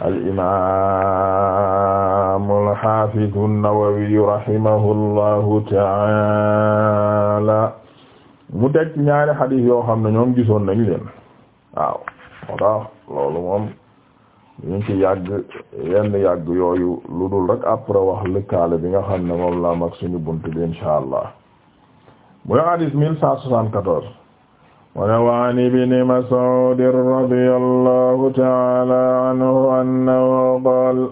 al-imaamu al-haafidu an-Nawawi rahimahullahu ta'aala mu teg ñaari xadis yoo xam ne ñoom gisoon nañu leen waaw moo tax loolu moom ñu ci yàgg yenn yàgg yooyu lu dul rek après wax lëkkaale bi nga xam ne moom la mag suñu bunt bi inshaa Allah muy xadis cent soixante-quatorze wane waan ibni Mas'uud radiyallahu ta'ala anhu annahu qaala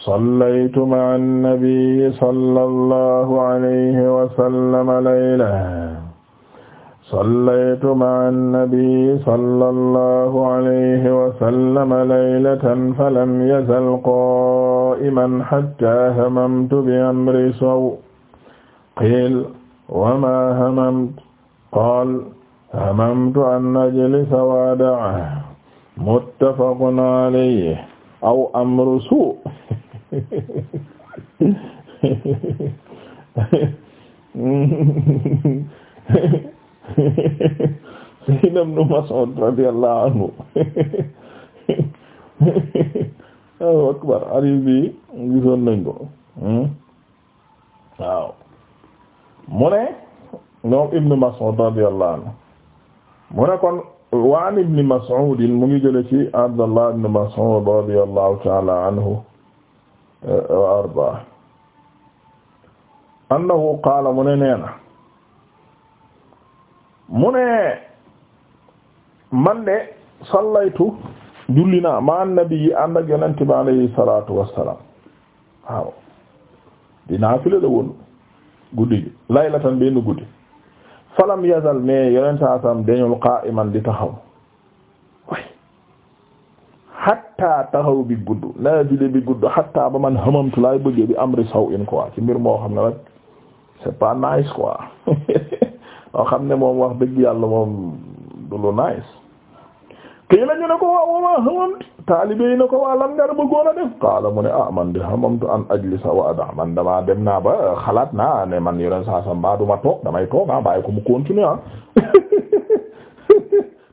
sallaytu ma'a nabiyyi sallallahu alayhi wa sallam laylatan sallaytu ma'a nabiyyi sallallahu alayhi wa sallam laylatan falam yazal qaa'iman hattaa hamamtu bi amri saw qiila wa maa hamamta qaala hamamtu an ajlisa wadaa muttafaqun alayhi aw amru suu sayyidina ibnu Mas'ud radiyallahu anhu Allahu akbar ari bi gisoon nañ ko waaw mu ne ñoom ibnu Mas'ud radiyallahu anhu mu ne kon waan ibni Mas'udin mu ngi jële ci Abdallah ibn Mas'ud radiyallahu ta'ala anhu wa arda annahu qaala mu ne nee na mu ne man de sallaytu julli naa ma annabi ànd ak yonent bi alayhi salatu wassalam waaw dinaa la woon guddi gi laylatan benn guddi falam yazal mais yeneen saa saam dañul qa'iman di taxaw way hatta taxaw bi gudd naafile bi gudd hatta ba man hamamtu laay bëggee bi am saw in quoi ci mbir moo xam ne rek c'est pas nice quoi loo xam ne moom wax dëgg yàlla moom du lu nice kii la ñu ne ko waa wama hamam taalibe yi ne ko waa lan nga bëggoon a def qaala mu ne ah man de hamamtu an ajlisa wa ada man dama dem naa ba xalaat naa ne man yoren saa sam ba duma toog damay toog ah bàyyi ko mu continuer ah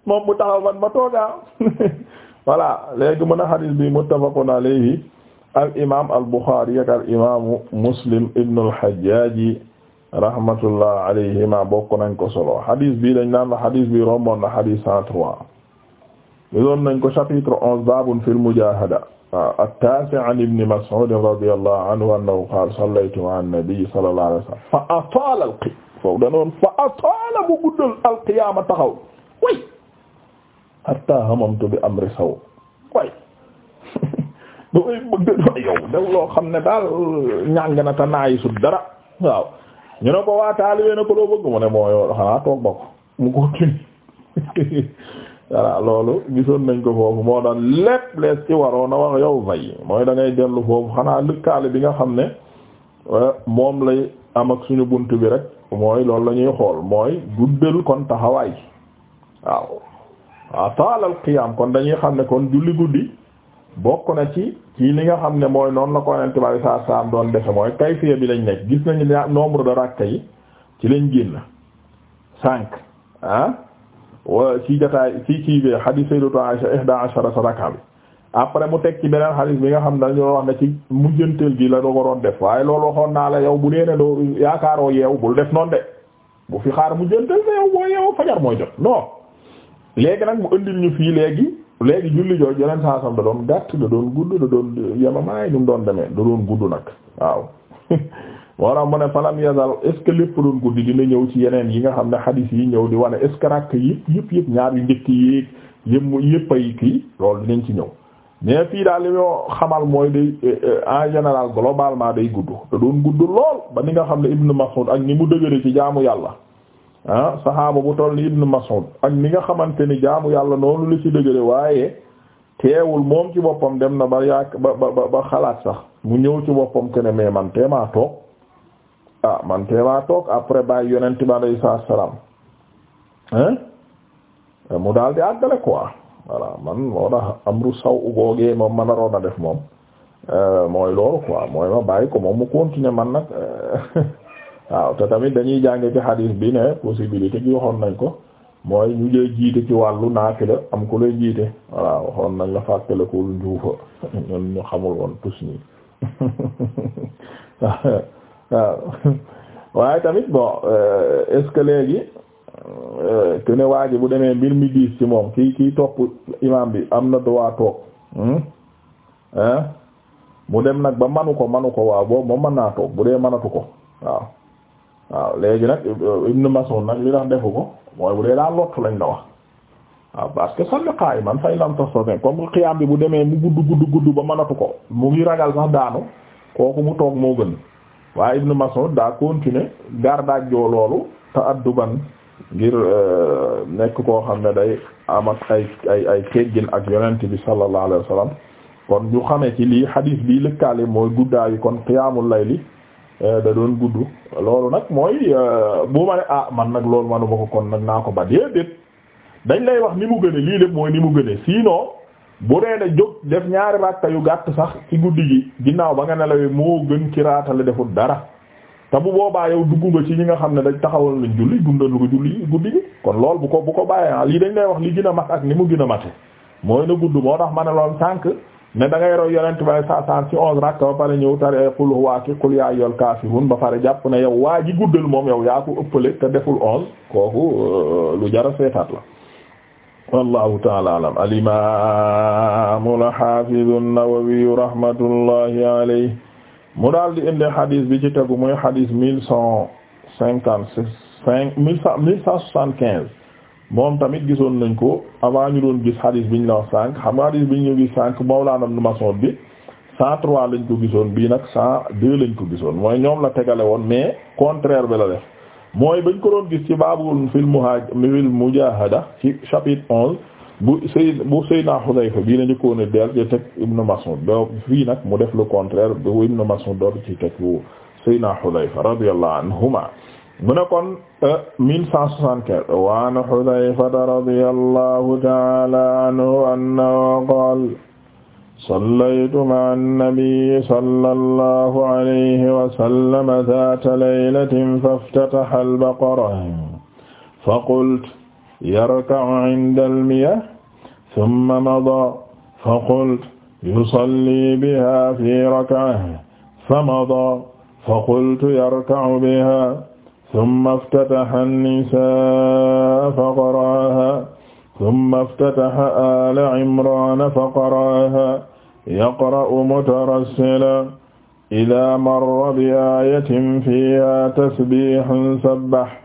moom mu taxaw man ma toog ah voilà léegi mën a hadis bi muttafaqun alayhi al imam al Bukhari yak al imamu Muslim ibn al Hajjaj rahmatullah alayhima bokk nañ ko solo hadis bi dañ naan la hadis bi rombon na hadis 103 gisoon nañ ko chapitre onze babun fil mujahada waaw at-taasi' an ibni Mas'ud radiyallahu anhu annahu qaala sallaytu ma'a an-nabi sallallahu alayhi wa sallam fa ataala al-qiyaam foofu danoon fa ataala bu guddal al-qiyaama taxaw way hatta hamamtu bi amri saw way dooy bëgg doo yow daw loo xam ne daal ñàng na ta naayi sut dara waaw ñu ne ko waa taalibe na ko loo bëgg mu ne moo yoo xanaa toog ba ko mu continue voilà loolu gisoon nañ ko foofu moo daan lépp lees ci waroon a wax yow vay mooy dangay ngay dellu foofu xanaa lëkkaale bi nga xam ne euh, moom lay am ak suñu bunt bi rek mooy loolu la ñuy xool mooy guddal kon taxawaay waaw waaw taalal qiyaam kon dañuy xam ne kon julli guddi bokk na ci kii li nga xam ne mooy noonu la ko neen tibari saa saam doon defe mooy kayfiya bi lañ nekk gis nañu nombre de rakka yi ci lañ génn cinq ah wa ci jotaay ci kii bi hadith sayyidatu Aisha ihda ashara raka après mu teg ci beneen hadith bi nga xam ne dañoo wax ne ci mujjanteel bi la doo ko doon def waaye loolu waxoon naa la yow bu dee doo yaakaaroo yeew bul def noonu de bu fi xaar mujjanteel ne yow boo yeew fajar mooy jot non léegi nag mu indil ñu fii léegi léegi julli jooju yeneen saa sam da doon gàtt da doon gudd da doon yemamaay nu mu doon demee da doon gudd nag waaw wara mu ne falam yazal est ce que lépp doon guddi dina ñëw ci yeneen yi nga xam ne xadis yi ñëw di wane est ce que rakk yëpp yëpp ñaar yu njëkk yi yëpp yëpp ay kii loolu dinañ ci ñëw mais fii daal li ñoo xamal mooy day eh, eh, en général globalement day gudd te doon gudd lool ba ni nga xam ne Ibn Mas'ud ak ni mu dëgëre ci jaamu yàlla ah saxaaba bu toll ni Ibn Mas'ud ak ni nga xamante ni jaamu yàlla noonu la ci dëgëre waaye teewul moom ci boppam dem na ba yaak ba ba ba xalaat sax mu ñëw ci boppam que ne ah man teemaa toog après bàyyi yonent bi alayhi salaam hein eh, mu daal di àggale quoi voilà man moo tax amru saw moom man naroon a def moom eh, mooy loolu quoi mooy ma bàyyi ko moom mu continuer man nag eh, waaw te tamit dañuy jànge ci hadis bi ne possibilité gi waxoon nañ ko mooy ñu lay jiite ci wàllu naafila am ku lay jiite voilà waxoon nañ la fàttalekul njuufa ñu xamul woon tus nii waaw waaye tamit bon euh, est-ce que léegi euh, que ne waa bu demee mbir mi diis ci moom kii kii topp imam bi am na droit toog hmm? mu dem nag ba manu ko manu ko waaw boobu moom mën naa toog bu dee manatu ko waaw waaw léegi nag euh, Ibn Mas'ud nag li tax defu ko mooy bu dee daa lott lañ la wax waaw parce que salli qa'iman fa in lam tastati' comme xiyaam bi bu demee mu gudd gudd gudd ba manatu ko mu ngi ragal sax daanu kooku mu toog moo gën waaye Ibn Mas'ud daa continuer gardaaj joo loolu te duban ngir euh, nekk koo xam ne day am ak ay ay ay ak yonent bi sallallahu alayhi wa sallam kon ñu xamee ci lii hadith bii lëkkaale mooy guddaayu kon qiyaamul li euh, da doon gudd loolu nag mooy euh, bu ma ne ah man nag loolu manuma ko kon nag naa ko ba déedéet dañ lay wax ni mu gëne lii lépp mooy ni mu gëne siinoo bu dee ne jóg def ñaari rakka yu gàtt sax ci guddi gi ginnaaw ba nga nelawee moo gën ci raatale deful dara te bu boobaa yow dugg nga ci ñi nga xam ne dañ taxawal lañ julli dundal ko julli guddi gi kon lool bu ko bu ko bàyyee ah lii dañ lay wax li gën a mat ak ni mu gën a mate mooy na gudd moo tax ma ne loon sànq ne da ngay roy yonent ba sa san ci onze rakka ba pare ñëw tare xul waaki xul yaa yol kaafirun ba pare jàpp na yow waa ji guddal moom yow yaa ko ëppale te deful onze kooku euh, lu jara seetaat la wallahu taala alam alimamu alhafidu nawawi rahmatullahi alayhi mu daal di indi xadis bi ci tegu mooy xadis mille cent cinquante cinq mille cent soixante quinze moom tamit gisoon nañ ko avant ñu doon gis xadis biñ la wax xam nga xadis biñ ñu gis sànq Mawlana Ibn Mas'ud bi cent trois lañ ko gisoon bii nag cent deux lañ ko gisoon mooy ñoom la tegale woon mais contraire bi la def mooy bañ ko doon gis ci baabul fil muhaajir mujaahada ci chapitre onze bu Seyd bu Seydina Hudayfa bii la njëkkoon a dellu ci teg Ibn Mas'ud doo fii nag mu def le contraire bu Ibn Mas'ud doo ci teg bu Seydina Hudayfa radiyallahu anhuma mu ne kon euh, mille cent soixante-quinze wa an Hudayfa radiyallahu ta'ala anhu annahu qaala sallaytu ma'a nabiyyi sallallahu alayhi wa sallam zaata laylatin faftataha al-baqara faqultu yarka'u 'inda al-miyah thumma madaa faqultu yusalli biha fi rak'atin famadaa faqultu yarka'u biha thumma iftataha an-nisaa faqara'aha thumma iftataha aala 'imraan faqara'aha yaqra'u mutarassila idaa marra bi aayatin fiihaa tasbiihun sabbaha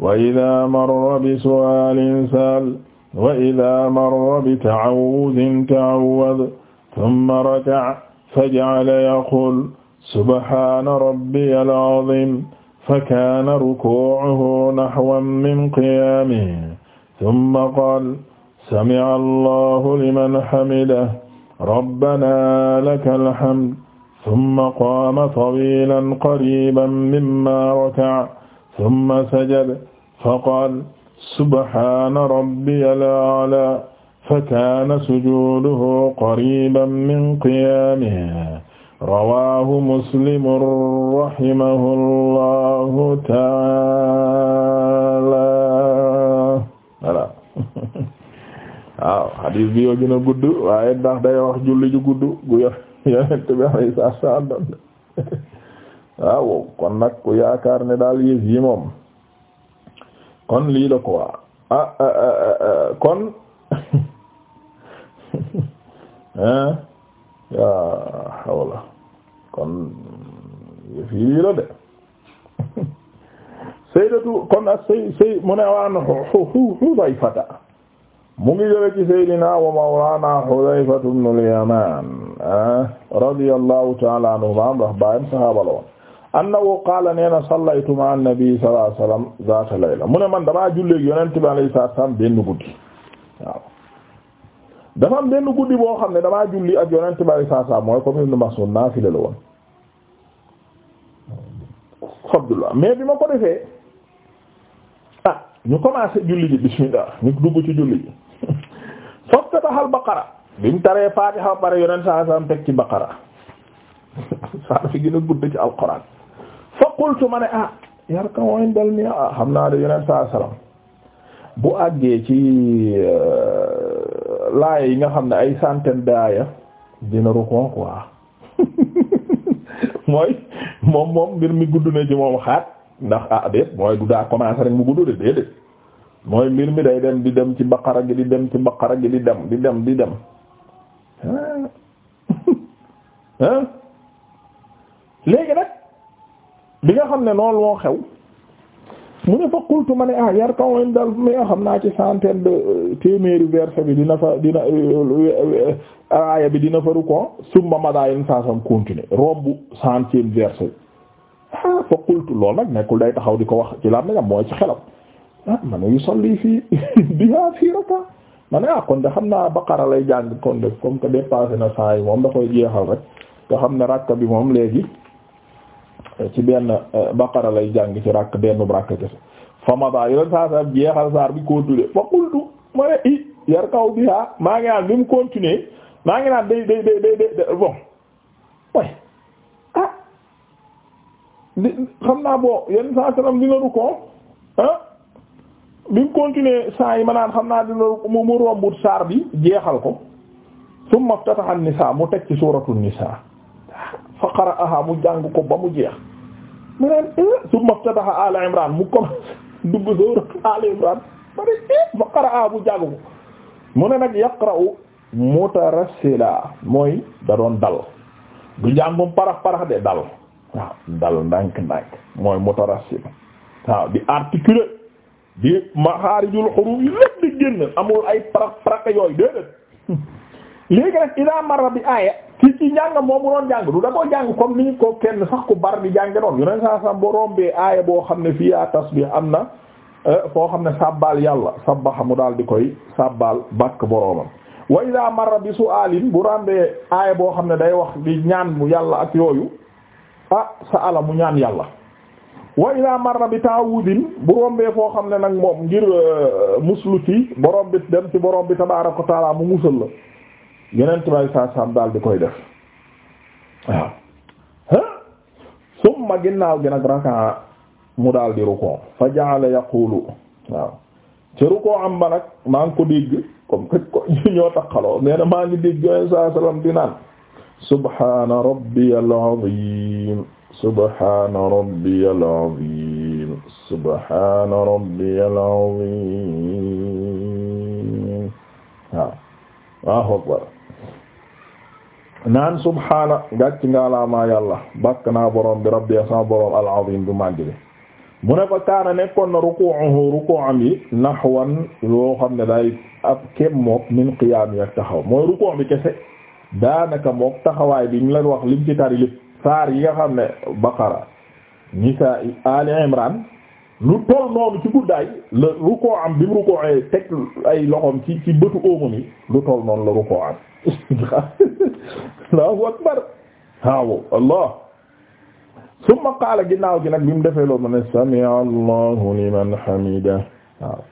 wa idaa marra bi su'aalin sa'ala wa idaa marra bi ta'awwudin ta'awwada thumma raka'a faja'ala yaquulu subhaana rabbiyal 'aziim fakaana rukuu'uhu nahwan min qiyaamihi thumma qaala sami'a Allaahu liman hamidah rabbana lakal hamd summa qaama tawilan qariban mimma raka'a summa sajada faqaala subhaana rabbiyal a'laa fakaana sujuuduhu qariban min qiyaamihi rawaahu muslimun rahimahullaahu ta'aalaa xadiis bi yoo gën waaye ndax day wax julli ju gudd gu yo yonent waaw kon nag yaakaar ne daal yëf moom kon lii la quoi ah yaa ah, ah, ah, xawla kon yëf yi lii la de sayyidatu kon ak say say mu ne waan xu xu xu Hudayfata mu ngi jële ci saydina wa mawlana Hudayfatu ibnul Yamaan ah, radiyallahu ta'ala anhuma ndax bàyyam sahaaba la woon annahu qaala nee na sallaytu ma annabi sallallahu man damaa julleeg yonente bi salaam benn guddi waaw dafa am benn guddi boo xam ne damaa julli ak yonente bi alayhi salaam mooy comme Ibn Mas'ud naafila la woon Abdullah mais bi ma ko defee ah ñu commencé julli ji bismillah ñu dugg ci julli ji waftataxal baqara bimu taree fatiha bare yonent sallallahu alayhi wasallam teg ci baqara saar fi gën a gudd ci alquran fa qultu ma ne ah yar ka mooy mi ah xam naa de yonent sallallahu alayhi bu àggee ci euh, laaya yi nga xam ne ay centaine daaya dina rukon quoi mooy moom moom mbir mi gudd na ci moom xaat ndax ah déet mooy du daa commencer rek mu gudd de déedéet mooy mbir mi day dem di dem ci baqara gi di dem ci baqara gi di dem di dem di dem hein léegi nag bi nga xam ne noonu moo xew mu ne fa qultu ma ne ah yar kan woon daal mi nga xam naa ci centaine de euh, téeméeri verset bi dina fa dina euh, euh, aaya bi dina fa rukkoo summa madaa yenn saa sam continuer romb centième verset bi ah fa qultu loolu nag nekkul day taxaw di ko wax ci laa làmmiñam mooy ci xelam ah man a yusalli fii biha fii raka ma ah kon de xam naa baqara lay jàng kon de comme que dépassé na saa yi moom da koy jeexal rek nga xam ne rakk bi moom léegi eh, ci benn eh, baqara lay jàng ci rakk benn rakk kese fa mada yoleen saa sa jeexal saar bi continuer fa qultu ma ne i yar kaw biha maa ngi naan bi mu continuer maa ngi naan day day day day bon way ah. xam naa boo yenn saa saram dina rukkoo ah bi mu continuer saa yi ma naan xam naa dina mu rombut saar bi jeexal ko summa iftataha an-nisaa mu teg ci suuratu nisaa fa qara'aha mu jàng ko ba mu jeex mu naan eh? summa iftataha ala imran mu commencé dugg suuratu ala imran ma ne eh? fa qara'aha mu jàng ko mu ne nag yaqra'u mutarassila mooy da doon dal du jàngum parax parax de dal dal ndànk ndànk mooy mutarassila waaw di articuler di maxaarijul xuruf yi lépp di génn amul ay parax parax yooyu déedéet léegi nag ila marra bi aaya ci ci njàng moom mu doon jàng du da jàng comme ni ko kenn sax ku bar bi jànge doon yoneen saa sa boo rombee aaya boo xam ne fii yaa tasbih am na eh, foo xam ne sàbbaal yàlla sabbaha mu daal di koy sàbbaal bàkk boroomam wa ida marra bi su'aalin bu rombee aaya boo xam ne day wax di ñaan mu yàlla ak yooyu ah sa ala mu ñaan yàlla wa ila marra bi taawudin bu rombee foo xam ne nag moom ngir euh, muslu ci borom bi dem ci borom bi mu musal yeneen tubaab saa daal di koy def waaw. summa ginnaaw gi nag raka mu daal di ruku fa ja'ala yaqulu waaw ci ruku am maa ngi ko dégg comme que ñu ñoo takkaloo nee maa ngi dégg yeneen saa salaam di naan subhaana rabbiyal azim subhaana rabbiyal aziim subhaana rabbiyal aziim waaw Allahu akbar naan subhaana gàcc nga alaamaa yàlla bàkk bi rabbi sama borom al azim bu màgg bi mu ne fa kaana nekkoon na ruku'uhu ruku'am yi nahwan yoo xam ne day ab kem min qiyaam yi mooy ruku' bi kese daanaka mook taxawaay bi ñu la wax lim ci saar yi nga xam ne baqara nisaa ali imran lu toll noonu ci guddaay la rukkoo am bi mu rukkoo ay teg ay loxoom ci ci bëtu óomam yi lu toll noonu la rukkoo am allahu akbar waaw allah summa qaala ginnaaw gi nag bi mu defee loolu mu ne sami allahu liman hamida waaw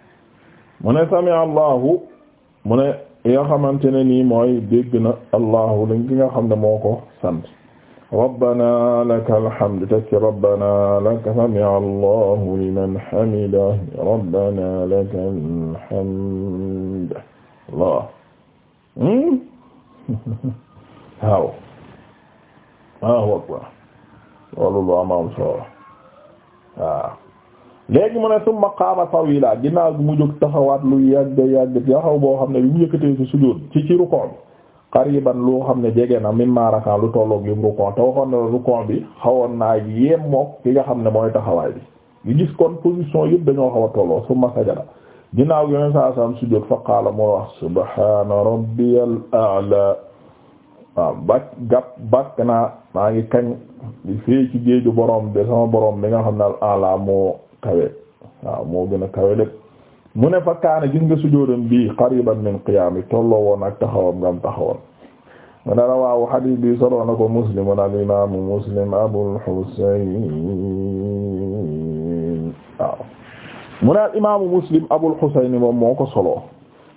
mu ne sami allahu mu ne yoo xamante ne nii mooy dégg na allahu li nga xam ne moo ko sant rabbana laka alhamdu teg ci rabbana laka sami'a allahu liman hamidah rabbana laka alhamdu Allah waaw waaw wagwa loolu lu amaam solo waaw ah. léegi mu ne summa qaama tawila ginnaaw gi mu jóg taxawaat lu yàgg yàgg taxaw boo xam ne bi mu yëkkatee ci sujud ci ci ruku' qariban lu xam ne jege na mimma raka lu tolloog lim rukon te waxoon na rukon bi xawoon naa yem mook ki nga xam ne mooy taxawaay bi yu gis kon position yëpp dañoo xaw a tolloo summa sajada ginnaaw yoneen saa saam sujjóot fa qaala moo wax subhaana rabbiyal a'la waaw bàkk naa maa ngi kañ di fee ci géeju borom de sama borom bi nga xam ne al a'la moo kawe waaw moo gën a kawe lépp mu ne fa kaana gis nga sujóodam bi qariban min qiyaami tolloo woon ak taxawam ngam taxawoon mu ne rawaahu xadiis bi soloo na ko muslim al imaamu muslim abul xuseyn waaw mu ne al imaamu muslim abul xuseyn moom moo ko solo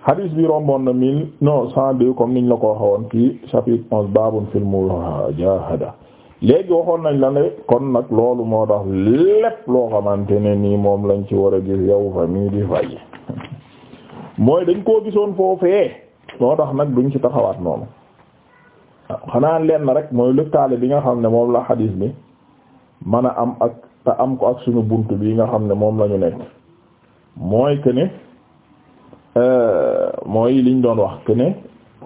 xadiis bi romboon na mille neuf cent deux comme niñ la ko waxoon ci chapitre onze baabun fil mujaahada léegi waxoon nañ la ne kon nag loolu moo tax lépp loo xamante ne nii moom lañ ci war a gis yow fa mii di fay mooy dañ koo gisoon foofee moo tax nag duñ ci taxawaat noonu waaw ah, xanaa lenn rek mooy lëkkaale bi nga xam ne moom la xadiis bi mën a am ak te am ko ak suñu bunt bi nga xam ne moom la ñu nekk mooy que ne euh, mooy liñ doon wax que ne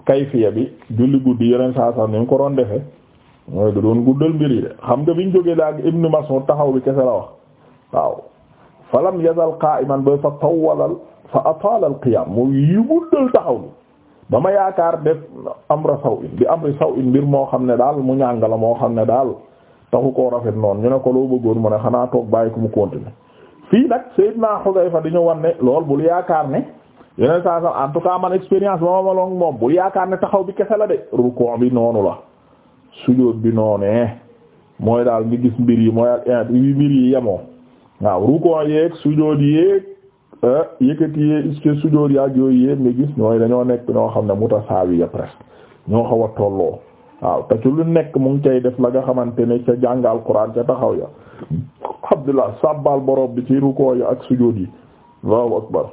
kayfiya bi julli guddi yeneen saa sax ni ko doon defee mooy da doon guddal mbir yi de xam nga biñ jógee laa Ibnu Mas'ud taxaw bi kese la wax waaw falam yazal qa'iman ba fa tawwalal fa ataala al qiyam mu yu guddal taxaw ni ba ma yaakaar def amra saw in bi amri saw in mbir moo xam ne daal mu ñàng la moo xam ne daal taxu ko rafet noonu ñu ne ko loo bëggoon mu ne xanaa toog bàyyi ko mu continuer fii nag Seydina Xudayfa di ñu wan lool bul yaakaar ne yeneen saa saa en tout cas man expérience ba ma loon moom bul yaakaar ne taxaw bi kese la de ruku bi noonu la sujóot bi noonee mooy daal ngi gis mbir yi mooy ak eh, mbir yi yemoo waaw Euh, yëkkati yee est-ce que sujóot yaag yooyu yëpp nga gis ñooy dañoo nekk ñoo xam ne mutasaawiya presque ñoo xaw a tolloo waaw te ci lu nekk mu ngi cay def la nga xamante ne ca jàngal Alxuraan ca taxaw ya Abdullah sabbal borom bi ci rukoo ya ak sujóot yi Allahu akbar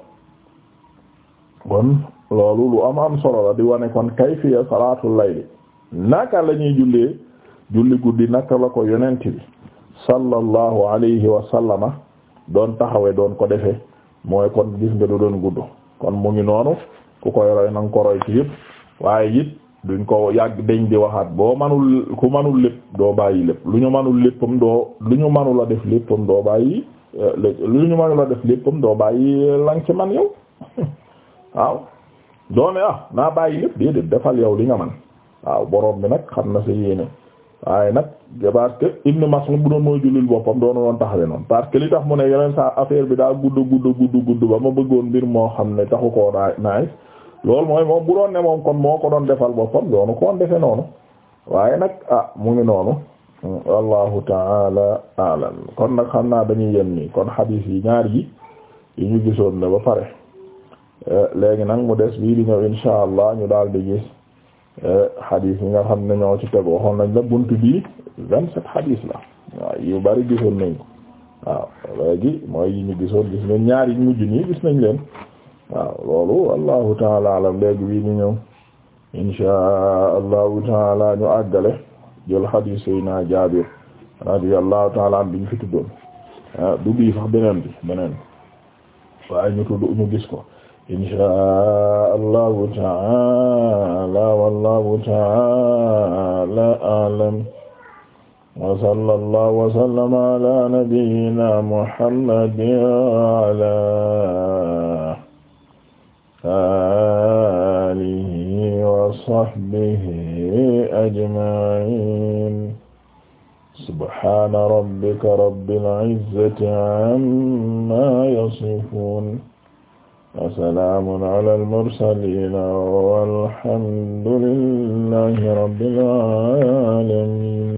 kon loolu lu am am solo la di wane kon kayfiya salaatul layli naka la ñuy jullee julli guddi naka la ko yonent bi sallallahu alayhi wa sallama doon taxawe doon ko defee mooy kon gis nga du doon gudd kon mu ngi noonu ku koy roy na nga ko roy ci yëpp waaye it duñ ko yàgg dañ di waxaat boo manul ku manul lépp doo bàyyi lépp lu ñu manul léppam doo lu ñu manul def léppam doo bàyyi euh, lu ñu manul a def léppam doo bàyyi lang ci man yow waaw doone ah naa bàyyi lépp déedéet defal yow li nga man waaw borom bi nag xam na sa yéene waaye nag parce que Ibn Mas'ud bu doon mooy jullil boppam doonu woon taxawe noonu parce que li tax mu ne yeneen saa affaire bi daa gudd gudd gudd gudd ba ma bëggoon mbir moo xam ne taxu koo daa naaj lool mooy moom bu doon ne moom kon moo ko doon defal boppam doonu ko woon defe noonu waaye nag ah mu ngi noonu wallahu taala alam kon nag xam naa dañuy yem nii kon xadiis yi ñaar yi yi ñu gisoon ne ba pare eh, léegi nag mu des bii di ñëw insha allah ñu daal di gis xadis yi nga xam ne ñoo ci teg waxoon nañ la bunt bii vingt-sept xadis la waaw yu bari gisoon nañ ko waaw léegi mooy yi ñu gisoon gis nañ ñaar yi mujj nii leen waaw loolu wallahu taala alam léegi bii ñu ñëw inshaa allahu taala ñu àggale jël xadis yi naa jaabir radiyallahu taala an bi ñu fi tuddoon ah, du bii sax beneen bi beneen waaye ñu tudd ñu gis ko inshaa allahu taala wallahu taala a'lam wa sallallahu wa sallama ala nabiyyina muhammadin wa ala alihi wa sahbihi ajma'in subhana rabbika rabbil izzati amma yasifun wasalaamun alal mursaliin walhamdu lillahi rabbil aalamiin